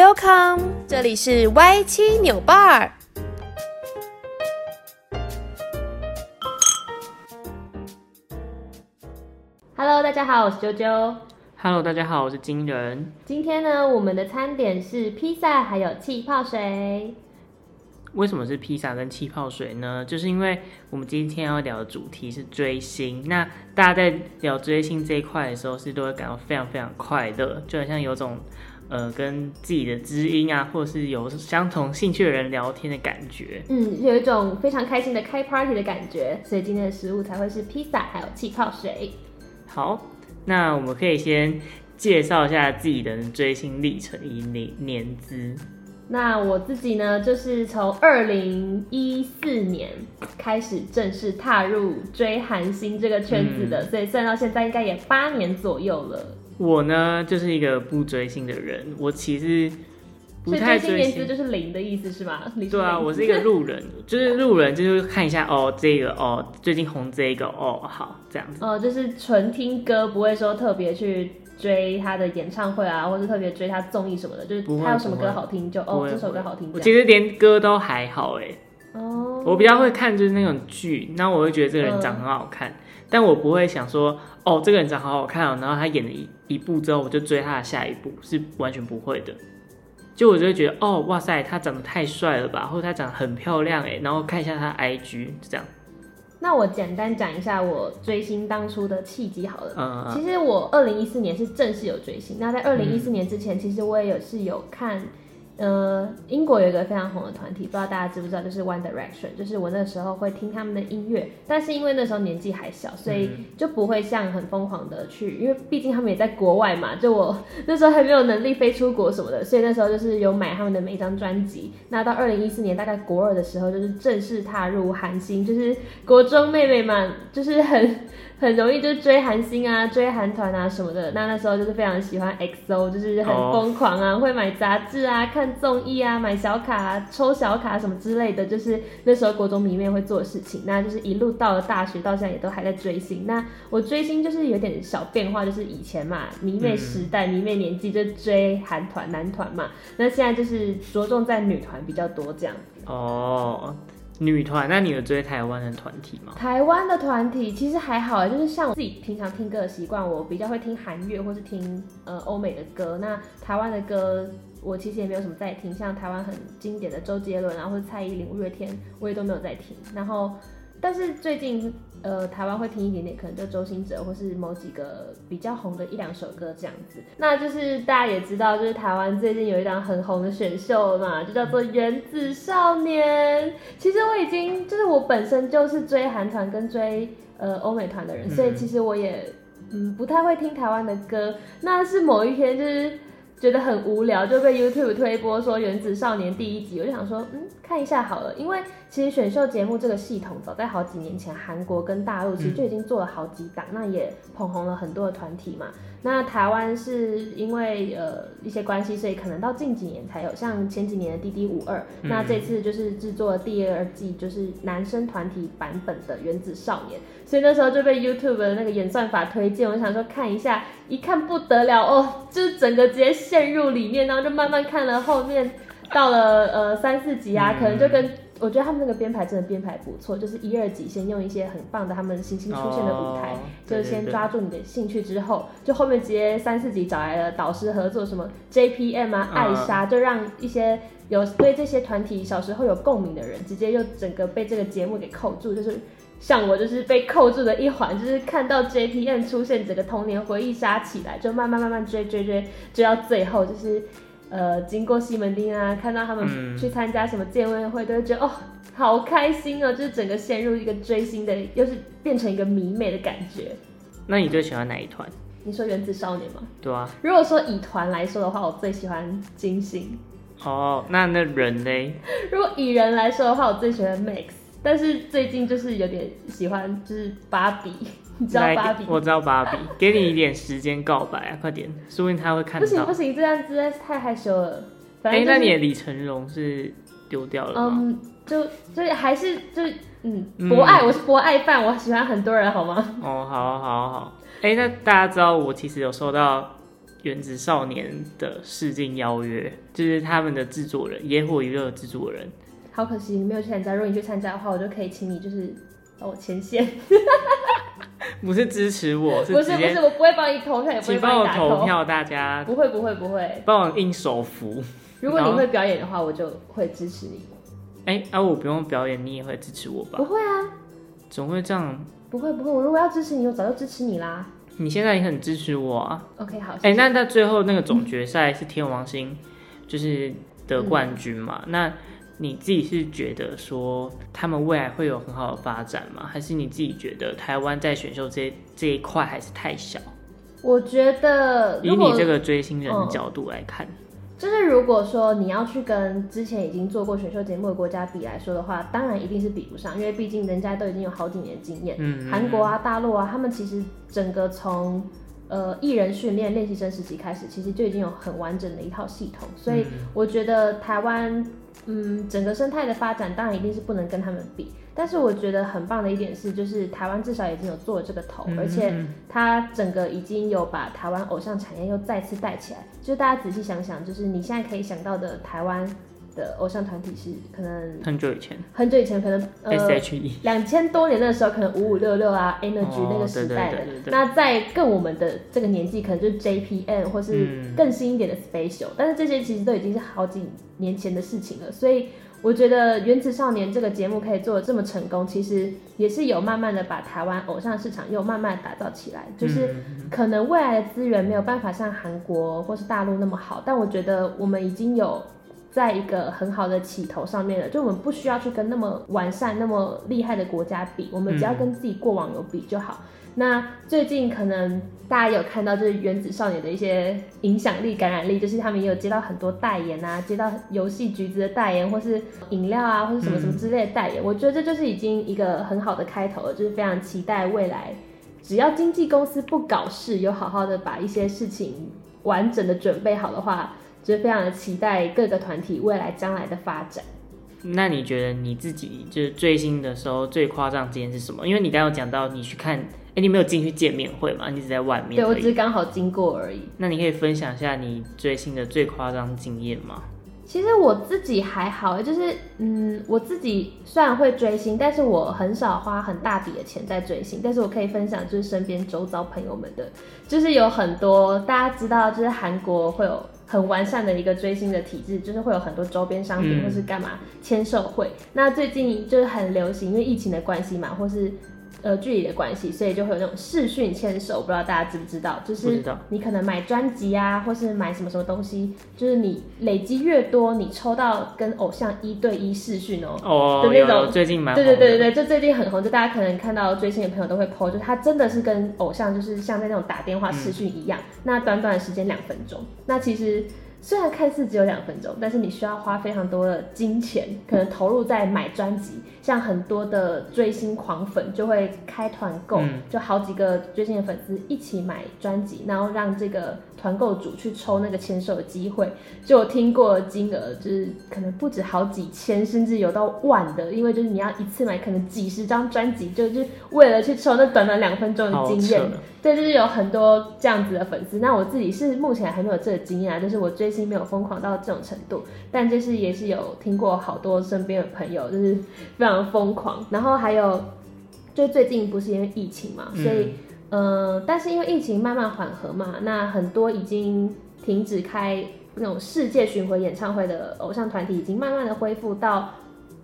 Welcome，這裡是 Y 七扭巴。Hello，大家好，我是啾啾。Hello，大家好，我是金人。今天呢，我們的餐點是披薩還有氣泡水。為什麼是披薩跟氣泡水呢？就是因為我們今天要聊的主題是追星。那大家在聊追星這一塊的時候，是都會感到非常非常快樂，就好像有種。呃，跟自己的知音啊，或是有相同興趣的人聊天的感覺，嗯，有一種非常開心的開 party 的感覺，所以今天的食物才會是披薩，還有氣泡水。好，那我們可以先介紹一下自己的追星歷程以年年資。那我自己呢，就是從二零一四年開始正式踏入追韓星這個圈子的，嗯，所以算到現在應該也八年左右了。我呢，就是一個不追星的人，我其實不太追星，所以就是零的意思是嗎？對啊，我是一個路人， 就是路人，就是看一下哦，這個哦，最近紅這個哦，好這樣子哦、呃，就是純聽歌，不會說特別去追他的演唱會啊，或者是特別追他綜藝什麼的，就是他有什麼歌好聽就哦，這首歌好聽。我其實連歌都還好誒、欸。哦，我比較會看就是那種劇，那我會覺得這個人長很好看。嗯但我不會想說，哦，這個人長好好看哦，然後他演了一一部之後，我就追他的下一部，是完全不會的。就我就會覺得，哦，哇塞，他長得太帥了吧，或者他長得很漂亮哎，然後看一下他的 IG，就這樣。那我簡單講一下我追星當初的契機好了。嗯嗯。其實我二零一四年是正式有追星，那在二零一四年之前，其實我也有是有看。呃，英國有一個非常紅的團體，不知道大家知不知道，就是 One Direction，就是我那時候會聽他們的音樂，但是因為那時候年紀還小，所以就不會像很瘋狂的去，因為畢竟他們也在國外嘛，就我那時候還沒有能力飛出國什麼的，所以那時候就是有買他們的每一張專輯。那到二零一四年大概國二的時候，就是正式踏入韓星，就是國中妹妹嘛，就是很。很容易就追韓星啊，追韓團啊什麼的。那那時候就是非常喜歡 XO，就是很瘋狂啊，oh. 會買雜誌啊，看綜藝啊，買小卡啊，抽小卡什麼之類的，就是那時候國中迷妹會做的事情。那就是一路到了大學，到現在也都還在追星。那我追星就是有點小變化，就是以前嘛，迷妹時代，嗯、迷妹年紀就追韓團男團嘛。那現在就是着重在女團比較多這樣子。哦。Oh. 女團？那你有追台灣的團體嗎？台灣的團體其實還好，就是像我自己平常聽歌的習慣，我比較會聽韓樂或是聽呃歐美的歌。那台灣的歌，我其實也沒有什麼在聽，像台灣很經典的周杰倫啊，或者蔡依林、五月天，我也都沒有在聽。然後，但是最近。呃，台灣會聽一點點，可能就周興哲或是某幾個比較紅的一兩首歌這樣子。那就是大家也知道，就是台灣最近有一檔很紅的選秀嘛，就叫做《原子少年》。其實我已經就是我本身就是追韓團跟追呃歐美團的人，所以其實我也嗯不太會聽台灣的歌。那是某一天就是。覺得很無聊，就被 YouTube 推播說《原子少年》第一集，我就想說，嗯，看一下好了。因為其實選秀節目這個系統，早在好幾年前，韓國跟大陸其實就已經做了好幾檔，那也捧紅了很多的團體嘛。那台灣是因為呃一些關係，所以可能到近幾年才有，像前幾年的 DD52，嗯，《DD52》，那這次就是製作第二季，就是男生團體版本的《原子少年》，所以那時候就被 YouTube 的那個演算法推薦，我想說看一下，一看不得了哦，就是整個直接陷入裡面，然後就慢慢看了後面，到了呃三四集啊，可能就跟。我覺得他們那個編排真的編排不錯，就是一二集先用一些很棒的他們新星出現的舞台，哦、對對對，就先抓住你的興趣，之後就後面直接三四集找來了導師合作，什麼 JPM 啊、艾莎，哦、就讓一些有對這些團體小時候有共鳴的人，直接又整個被這個節目給扣住，就是像我就是被扣住的一環，就是看到 JPM 出現，整個童年回憶殺起來，就慢慢慢慢追追追追到最後就是。呃，經過西門町啊，看到他們去參加什麼見面會，嗯、都會覺得哦，好開心哦，就是整個陷入一個追星的，又是變成一個迷妹的感覺。那你最喜歡哪一團？你說原子少年嗎？對啊。如果說以團來說的話，我最喜歡金星。哦，oh, 那那人呢？如果以人來說的話，我最喜歡 Mix。但是最近就是有點喜歡，就是芭比，你知道芭比，我知道芭比，給你一點時間告白啊，對快點，說不定他會看到。不行不行，這樣實在是太害羞了。哎、就是欸，那你的李承榮是丟掉了嗎？嗯，就所以還是就嗯博愛，我是博愛飯，我喜歡很多人，好嗎？哦，好好好。哎、欸，那大家知道我其實有收到《原子少年》的試鏡邀約，就是他們的制作人煙火娛樂制作人。好可惜你沒有去參加。如果你去參加的話，我就可以請你就是幫我牽線，不是支持我，不是不是我不會幫你投票，也不會幫我投票。大家不會不會不會，幫我印手幅，如果你會表演的話，我就會支持你。哎啊我不用表演，你也會支持我吧？不會啊，總會這樣。不會不會，我如果要支持你，我早就支持你啦。你現在也很支持我啊。OK 好。哎，那那最後那個總決賽是天王星就是得冠軍嘛？那。你自己是覺得說他們未來會有很好的發展嗎？還是你自己覺得台灣在選秀這一這一塊還是太小？我覺得，以你這個追星人的角度來看，嗯，就是如果說你要去跟之前已經做過選秀節目的國家比來說的話，當然一定是比不上，因為畢竟人家都已經有好幾年經驗。嗯，嗯，嗯，韓國啊、大陸啊，他們其實整個從呃藝人訓練、練習生時期開始，其實就已經有很完整的一套系統，所以我覺得台灣。嗯，整個生態的發展當然一定是不能跟他們比，但是我覺得很棒的一點是，就是台灣至少已經有做了這個頭，嗯嗯嗯。而且它整個已經有把台灣偶像產業又再次帶起來。就是大家仔細想想，就是你現在可以想到的台灣。的偶像團體是可能很久以前，很久以前可能 S H E 兩千多年的時候，可能五五六六啊，、嗯、Energy 那個時代的。那在更我們的這個年紀可能就是 JPM 或是更新一點的 SpeXial、嗯、但是這些其實都已經是好幾年前的事情了。所以我覺得《原子少年》這個節目可以做的這麼成功，其實也是有慢慢的把台灣偶像市場又慢慢打造起來。就是可能未來的資源沒有辦法像韓國或是大陸那麼好，但我覺得我們已經有。在一個很好的起頭上面了，就我們不需要去跟那麼完善，那麼厲害的國家比，我們只要跟自己過往有比就好。嗯、那最近可能大家有看到，就是原子少年的一些影響力，感染力，就是他們也有接到很多代言啊，接到遊戲橘子的代言，或是飲料啊，或是什麼什麼之類的代言。嗯、我覺得這就是已經一個很好的開頭了，就是非常期待未來，只要經紀公司不搞事，有好好的把一些事情完整的準備好的話。就是非常的期待各個團體未來將來的發展。那你覺得你自己就是追星的時候最誇張經驗是什麼？因為你剛剛有講到你去看，哎、欸，你沒有進去見面會嘛？你只在外面。對，我只是剛好經過而已。那你可以分享一下你追星的最誇張經驗嗎？其實我自己還好，就是嗯，我自己雖然會追星，但是我很少花很大筆的錢在追星。但是我可以分享，就是身邊周遭朋友們的，就是有很多大家知道，就是韓國會有。很完善的一個追星的體制，就是會有很多周邊商品，或是幹嘛簽售會。嗯。那最近就是很流行，因為疫情的關係嘛，或是。呃，距離的關係，所以就會有那種視訊牽手，不知道大家知不知道？就是你可能買專輯啊，或是買什麼什麼東西，就是你累積越多，你抽到跟偶像一對一視訊哦，就那種。最近蠻紅的，對對對對對，就最近很紅，就大家可能看到追星的朋友都會 PO，就他真的是跟偶像，就是像在那種打電話視訊一樣，嗯、那短短的時間兩分鐘，那其實。雖然看似只有兩分鐘，但是你需要花非常多的金錢，可能投入在買專輯。像很多的追星狂粉就會開團購，嗯、就好幾個追星的粉絲一起買專輯，然後讓這個團購組去抽那個簽售的機會。就我聽過的金額就是可能不止好幾千，甚至有到萬的，因為就是你要一次買可能幾十張專輯，就是為了去抽那短短兩分鐘的經驗。對，就是有很多這樣子的粉絲。那我自己是目前還沒有這個經驗，啊，就是我追。就是沒有瘋狂到這種程度，但就是也是有聽過好多身邊的朋友，就是非常瘋狂。然後還有，就最近不是因為疫情嘛，所以，嗯、呃，但是因為疫情慢慢緩和嘛，那很多已經停止開那種世界巡迴演唱會的偶像團體，已經慢慢的恢復到。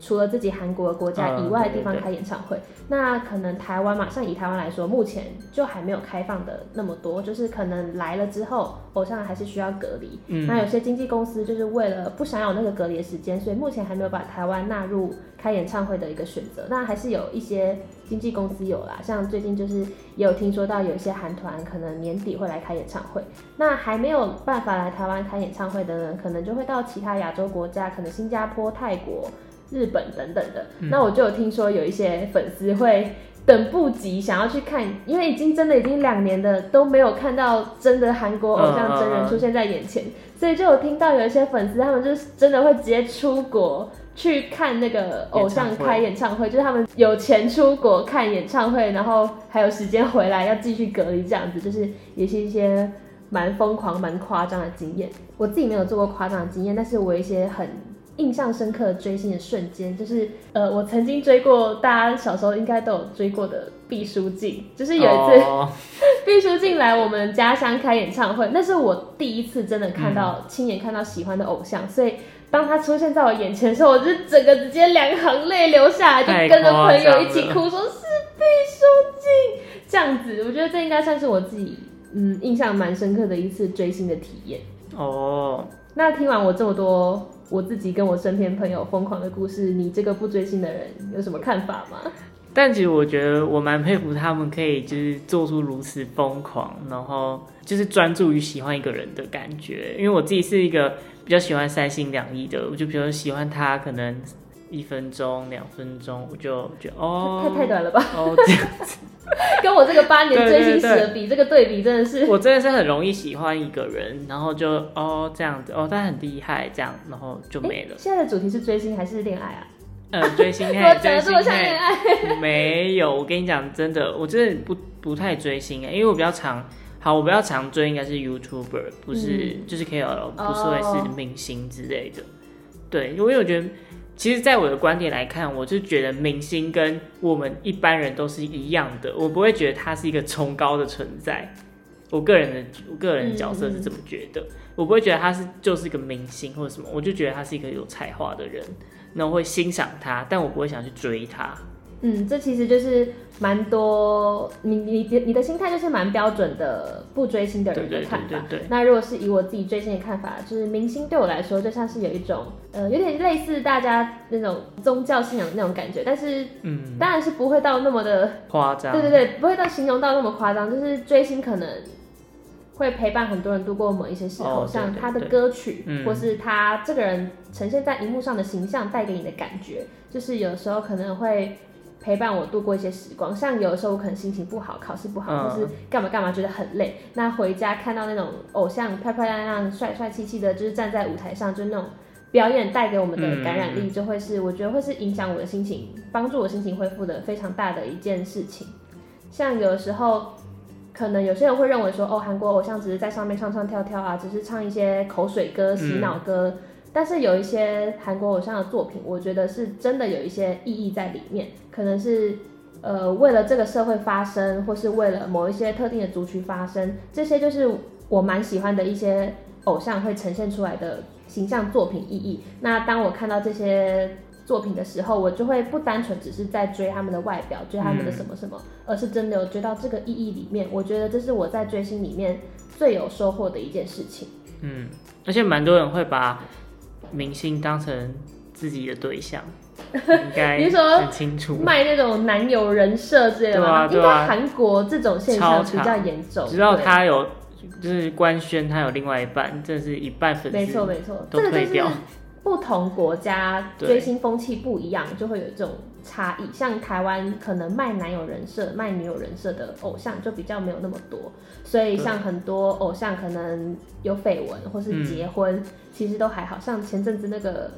除了自己韓國的國家以外的地方開演唱會，哦、對對對那可能台灣嘛，像以台灣來說，目前就還沒有開放的那麼多，就是可能來了之後，偶像還是需要隔離。嗯、那有些經紀公司就是為了不想有那個隔離的時間，所以目前還沒有把台灣納入開演唱會的一個選擇。那還是有一些經紀公司有啦，像最近就是也有聽說到有一些韓團可能年底會來開演唱會。那還沒有辦法來台灣開演唱會的人，可能就會到其他亞洲國家，可能新加坡、泰國。日本等等的，嗯、那我就有聽說有一些粉絲會等不及，想要去看，因為已經真的已經兩年的都沒有看到真的韓國偶像真人出現在眼前，啊啊啊啊所以就有聽到有一些粉絲他們就是真的會直接出國去看那個偶像開演，演唱會，就是他們有錢出國看演唱會，然後還有時間回來要繼續隔離這樣子，就是也是一些蠻瘋狂蠻誇張的經驗。我自己沒有做過誇張的經驗，但是我有一些很。印象深刻的追星的瞬間，就是呃，我曾經追過大家小時候應該都有追過的畢書盡，就是有一次畢書盡來我們家鄉開演唱會，那是我第一次真的看到嗯、親眼看到喜歡的偶像，所以當他出現在我眼前的時候，我就整個直接兩行淚流下來，就跟着朋友一起哭，說是畢書盡這樣子，我覺得這應該算是我自己嗯印象蠻深刻的一次追星的體驗哦。Oh. 那聽完我這麼多。我自己跟我身邊朋友瘋狂的故事，你這個不追星的人有什麼看法嗎？但其實我覺得我蠻佩服他們，可以就是做出如此瘋狂，然後就是專注於喜歡一個人的感覺。因為我自己是一個比較喜歡三心兩意的，我就比如說喜歡他，可能。一分鐘、兩分鐘，我就覺得哦，太太短了吧！哦，這樣子，跟我這個八年追星史的比，對對對，這個對比真的是，我真的是很容易喜歡一個人，然後就哦這樣子，哦他很厲害這樣，然後就沒了。欸、現在的主題是追星還是戀愛啊？嗯，追星還是 我戀愛？沒有，我跟你講真的，我真的不不太追星啊，因為我比較常好，我比較常追應該是 YouTuber，不是、嗯、就是 KOL，不是會是明星之類的。嗯、對，因為我覺得。其實，在我的觀點來看，我就覺得明星跟我們一般人都是一樣的，我不會覺得他是一個崇高的存在。我個人的我個人角色是這麼覺得，我不會覺得他是就是一個明星或者什麼，我就覺得他是一個有才華的人，那我會欣賞他，但我不會想去追他。嗯，這其實就是蠻多你你你的心態就是蠻標準的，不追星的人的看法。對，那如果是以我自己追星的看法，就是明星對我來說就像是有一種呃，有點類似大家那種宗教信仰的那種感覺。但是，嗯，當然是不會到那麼的誇張。對對對，不會到形容到那麼誇張，就是追星可能會陪伴很多人度過某一些時候，哦、像他的歌曲，對對對或是他這個人呈現在熒幕上的形象帶給你的感覺，嗯、就是有時候可能會。陪伴我度過一些時光，像有的時候我可能心情不好，考試不好，或是幹嘛幹嘛覺得很累。嗯、那回家看到那種偶像漂漂亮亮、帥帥氣氣的，就是站在舞台上，就那種表演帶給我們的感染力，就會是、嗯、我覺得會是影響我的心情，幫助我心情恢復的非常大的一件事情。像有的時候，可能有些人會認為說，哦，韓國偶像只是在上面唱唱跳跳啊，只是唱一些口水歌、洗腦歌。嗯但是有一些韓國偶像的作品，我覺得是真的有一些意義在裡面，可能是呃為了這個社會發聲，或是為了某一些特定的族群發聲，這些就是我蠻喜歡的一些偶像會呈現出來的形象作品意義。那當我看到這些作品的時候，我就會不單純只是在追他們的外表，追他們的什麼什麼，嗯、而是真的有追到這個意義裡面。我覺得這是我在追星裡面最有收穫的一件事情。嗯，而且蠻多人會把。明星當成自己的對象，應該很清楚， 你說賣那種男友人設之類的。對啊，對啊，應該韓國這種現象比較嚴重。只要慘對他有，就是官宣他有另外一半，這是一半粉絲，沒錯沒錯，這個、就是不同國家追星風氣不一樣，對就會有這種。差異，像台灣可能賣男友人設、賣女友人設的偶像就比較沒有那麼多，所以像很多偶像可能有緋聞或是結婚，嗯、其實都還好，像前陣子那個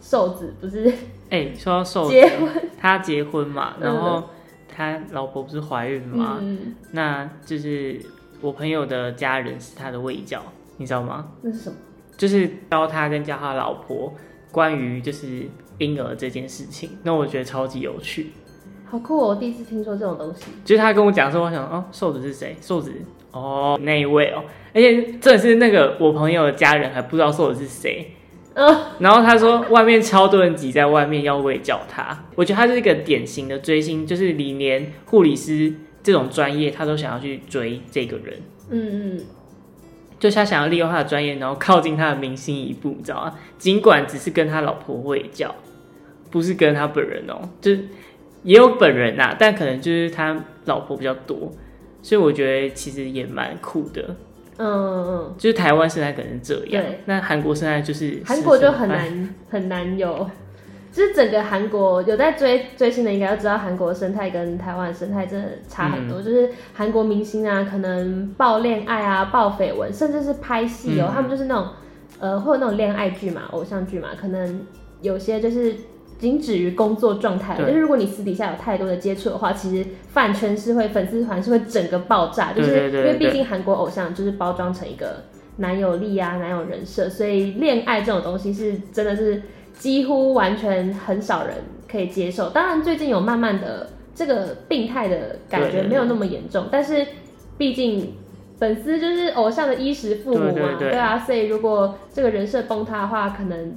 瘦子不是哎、欸，說到瘦子結婚，他結婚嘛， 然後他老婆不是懷孕嘛，嗯、那就是我朋友的家人是他的衛教，你知道嗎？那是什麼，就是教他跟教他老婆關於就是。嬰兒這件事情，那我覺得超級有趣，好酷哦，我第一次聽說這種東西。就是他跟我講說，我想說，哦，瘦子是誰？瘦子，哦，那一位哦。而且，這是那個我朋友的家人還不知道瘦子是誰。呃。然後他說，外面超多人擠在外面要衛教他。我覺得他是一個典型的追星，就是你連護理師這種專業，他都想要去追這個人。嗯嗯。就是他想要利用他的專業，然後靠近他的明星一步，你知道嗎？儘管只是跟他老婆衛教。不是跟他本人哦、喔，就也有本人吶、啊，嗯、但可能就是他老婆比較多，所以我覺得其實也蠻酷的。嗯嗯，就是台灣生態可能這樣，對那韓國現在就是韓、嗯、國就很難、嗯、很難有，就是整個韓國有在追追星的應該都知道，韓國的生態跟台灣生態真的差很多。嗯、就是韓國明星啊，可能爆戀愛啊、爆緋聞，甚至是拍戲哦、喔，嗯、他們就是那種呃，會有那種戀愛劇嘛、偶像劇嘛，可能有些就是。僅止於工作狀態了，對就是如果你私底下有太多的接觸的話，其實飯圈是會粉絲團是會整個爆炸。對對對對，就是因為畢竟韓國偶像就是包裝成一個男友力啊、男友人設，所以戀愛這種東西是真的是幾乎完全很少人可以接受。當然最近有慢慢的這個病態的感覺沒有那麼嚴重，對對對對，但是畢竟粉絲就是偶像的衣食父母嘛、啊，對，對，對，對，對啊，所以如果這個人設崩塌的話，可能。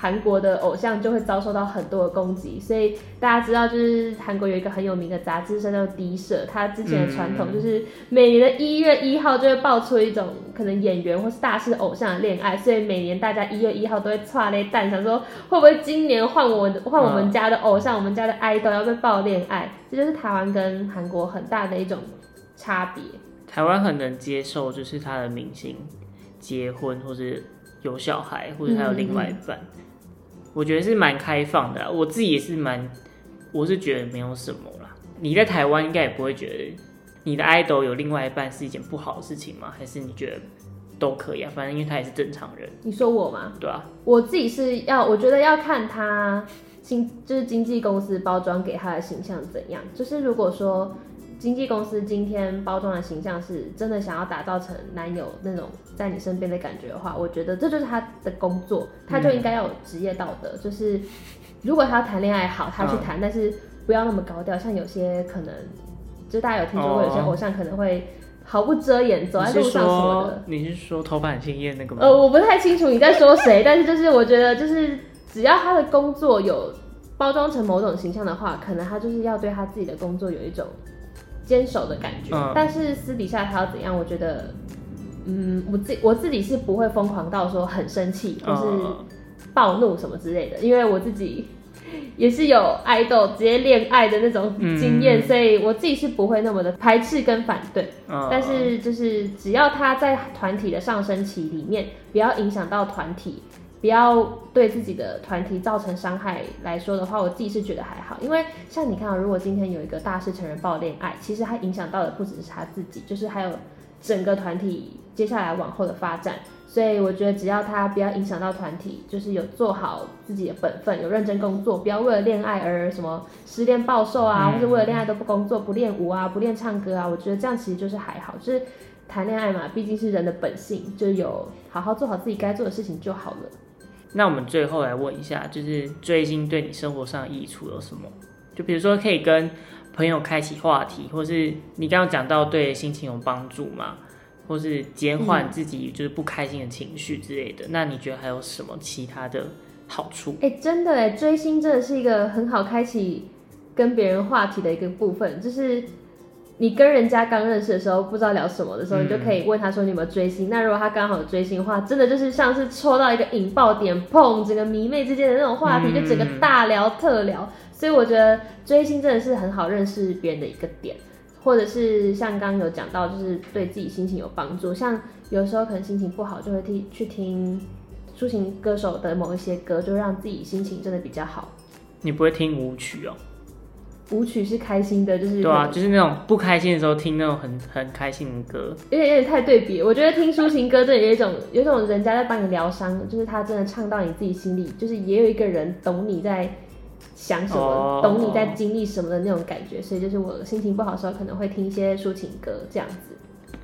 韓國的偶像就會遭受到很多的攻擊，所以大家知道，就是韓國有一個很有名的雜誌，叫做《D 社》，它之前的傳統就是每年的一月一號就會爆出一種可能演員或是大勢偶像的戀愛，所以每年大家一月一號都會剉咧等，想說會不會今年換我換我們家的偶像，oh. 我們家的愛豆要被爆戀愛，這就，就是台灣跟韓國很大的一種差別。台灣很能接受，就是他的明星結婚或是。有小孩，或者他有另外一半，嗯嗯嗯。我覺得是蠻開放的啊。我自己也是蠻，我是覺得沒有什麼啦。你在台灣應該也不會覺得你的愛豆有另外一半是一件不好的事情嗎？還是你覺得都可以啊？反正因為他也是正常人。你說我嗎？對啊，我自己是要，我覺得要看他經就是經紀公司包裝給他的形象怎樣。就是如果說。經紀公司今天包裝的形象，是真的想要打造成男友那種在你身邊的感覺的話，我覺得這就是他的工作，他就應該要有職業道德。就是如果他要談戀愛好，他去談，但是不要那麼高調。像有些可能，就大家有聽說過，有些偶像可能會毫不遮掩走在路上。什麼的，你是說頭髮很鮮豔那個嗎？呃，我不太清楚你在說誰，但是就是我覺得，就是只要他的工作有包裝成某種形象的話，可能他就是要對他自己的工作有一種。堅守的感覺，但是私底下他要怎樣？我覺得，嗯，我自己我自己是不會瘋狂到說很生氣，或是暴怒什麼之類的。因為我自己也是有愛豆直接戀愛的那種經驗，嗯、所以我自己是不會那麼的排斥跟反對。嗯、但是就是只要他在團體的上升期裡面，不要影響到團體。不要對自己的團體造成傷害來說的話，我自己是覺得還好，因為像你看、喔，啊，如果今天有一個大勢成人爆戀愛，其實他影響到的不只是他自己，就是還有整個團體接下來往後的發展。所以我覺得只要他不要影響到團體，就是有做好自己的本分，有認真工作，不要為了戀愛而什麼失戀暴瘦啊，或者為了戀愛都不工作、不練舞啊、不練唱歌啊，我覺得這樣其實就是還好，就是談戀愛嘛，畢竟是人的本性，就有好好做好自己該做的事情就好了。那我們最後來問一下，就是追星對你生活上的益處有什麼？就比如說可以跟朋友開啟話題，或是你剛剛講到對心情有幫助嘛，或是減緩自己就是不開心的情緒之類的。嗯、那你覺得還有什麼其他的好處？哎、欸，真的欸，追星真的是一個很好開啟跟別人話題的一個部分，就是。你跟人家剛認識的時候，不知道聊什麼的時候，你就可以問他說你有沒有追星。嗯、那如果他剛好有追星的話，真的就是像是戳到一個引爆點，砰！整個迷妹之間的那種話題，嗯、就整個大聊特聊。所以我覺得追星真的是很好認識別人的一個點，或者是像剛剛有講到，就是對自己心情有幫助。像有時候可能心情不好，就會聽去聽抒情歌手的某一些歌，就讓自己心情真的比較好。你不會聽舞曲哦。舞曲是開心的，就是對啊，就是那種不開心的時候聽那種很很開心的歌，有點有點太對比。我覺得聽抒情歌真的有一種，有一種人家在幫你療傷，就是他真的唱到你自己心裡，就是也有一個人懂你在想什麼，Oh. 懂你在經歷什麼的那種感覺。所以就是我心情不好的時候，可能會聽一些抒情歌這樣子。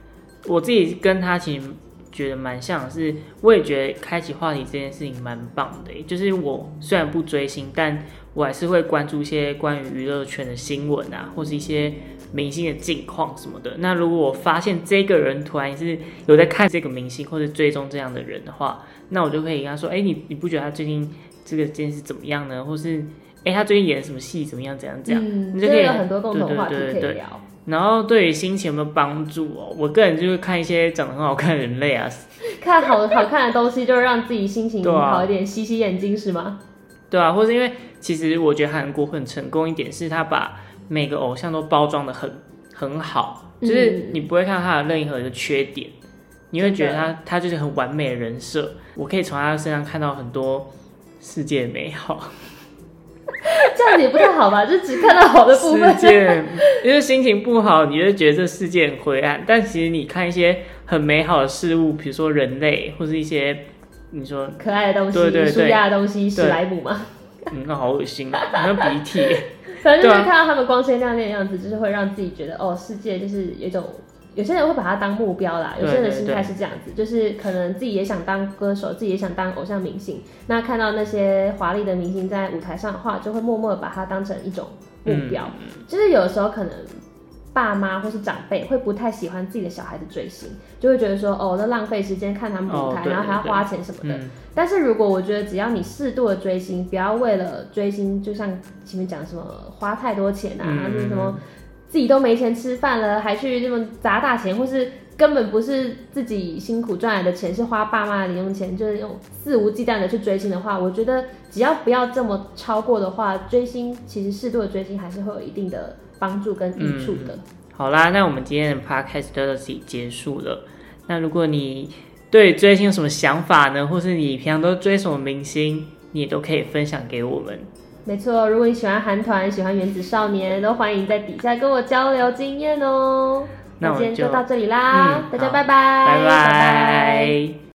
我自己跟他其實覺得蠻像的，是我也覺得開啟話題這件事情蠻棒的、欸。就是我雖然不追星，但。我還是會關注一些關於娛樂圈的新聞啊，或是一些明星的近況什麼的。那如果我發現這個人突然是有在看這個明星或者追蹤這樣的人的話，那我就可以跟他說：“哎、欸，你你不覺得他最近這個件事怎麼樣呢？或是哎、欸，他最近演什麼戲怎麼樣？怎樣？這樣、嗯，你就可以,以有很多共同話題,對對對對。聊然後對於心情有沒有幫助？我個人就是看一些長得很好看的人類啊， 看好好看的東西，就是讓自己心情好一點，洗洗、啊、眼睛是嗎？”對啊，或是因為其實我覺得韓國很成功一點，是他把每個偶像都包裝得很很好，就是你不會看到他的任何一個缺點，嗯、你會覺得他的他就是很完美的人設。我可以從他身上看到很多世界美好。這樣子也不太好吧？就只看到好的部分，因為心情不好，你就覺得這世界很灰暗。但其實你看一些很美好的事物，比如說人類，或是一些。你說可愛的東西，塗鴉的東西，對對對，史萊姆嗎？你看對、 嗯、好噁心，還有 鼻涕。反正看到他們光鮮亮麗的樣子，就是會讓自己覺得、啊、哦，世界就是有一種。有些人會把它當目標啦，對對對對，有些人的心態是這樣子，就是可能自己也想當歌手，自己也想當偶像明星。那看到那些華麗的明星在舞台上的話，就會默默的把它當成一種目標。嗯、就是有的時候可能。爸媽或是長輩會不太喜歡自己的小孩子追星，就會覺得說哦，那浪費時間看他們舞台，哦、對對對，然後還要花錢什麼的。嗯、但是如果我覺得只要你適度的追星，不要為了追星，就像前面講什麼花太多錢啊，嗯嗯嗯，就是什麼自己都沒錢吃飯了，還去這麼砸大錢，或是根本不是自己辛苦賺來的錢，是花爸媽的零用錢，就是用肆無忌憚的去追星的話，我覺得只要不要這麼超過的話，追星其實適度的追星還是會有一定的。幫助跟益處的、嗯。好啦，那我們今天的 podcast 都到這裡結束了。那如果你對追星有什麼想法呢？或是你平常都追什麼明星，你也都可以分享給我們。沒錯，如果你喜歡韓團，喜歡原子少年，都歡迎在底下跟我交流經驗哦、喔。那我們那今天就到這裡啦，嗯、大家拜拜，好拜拜。拜拜。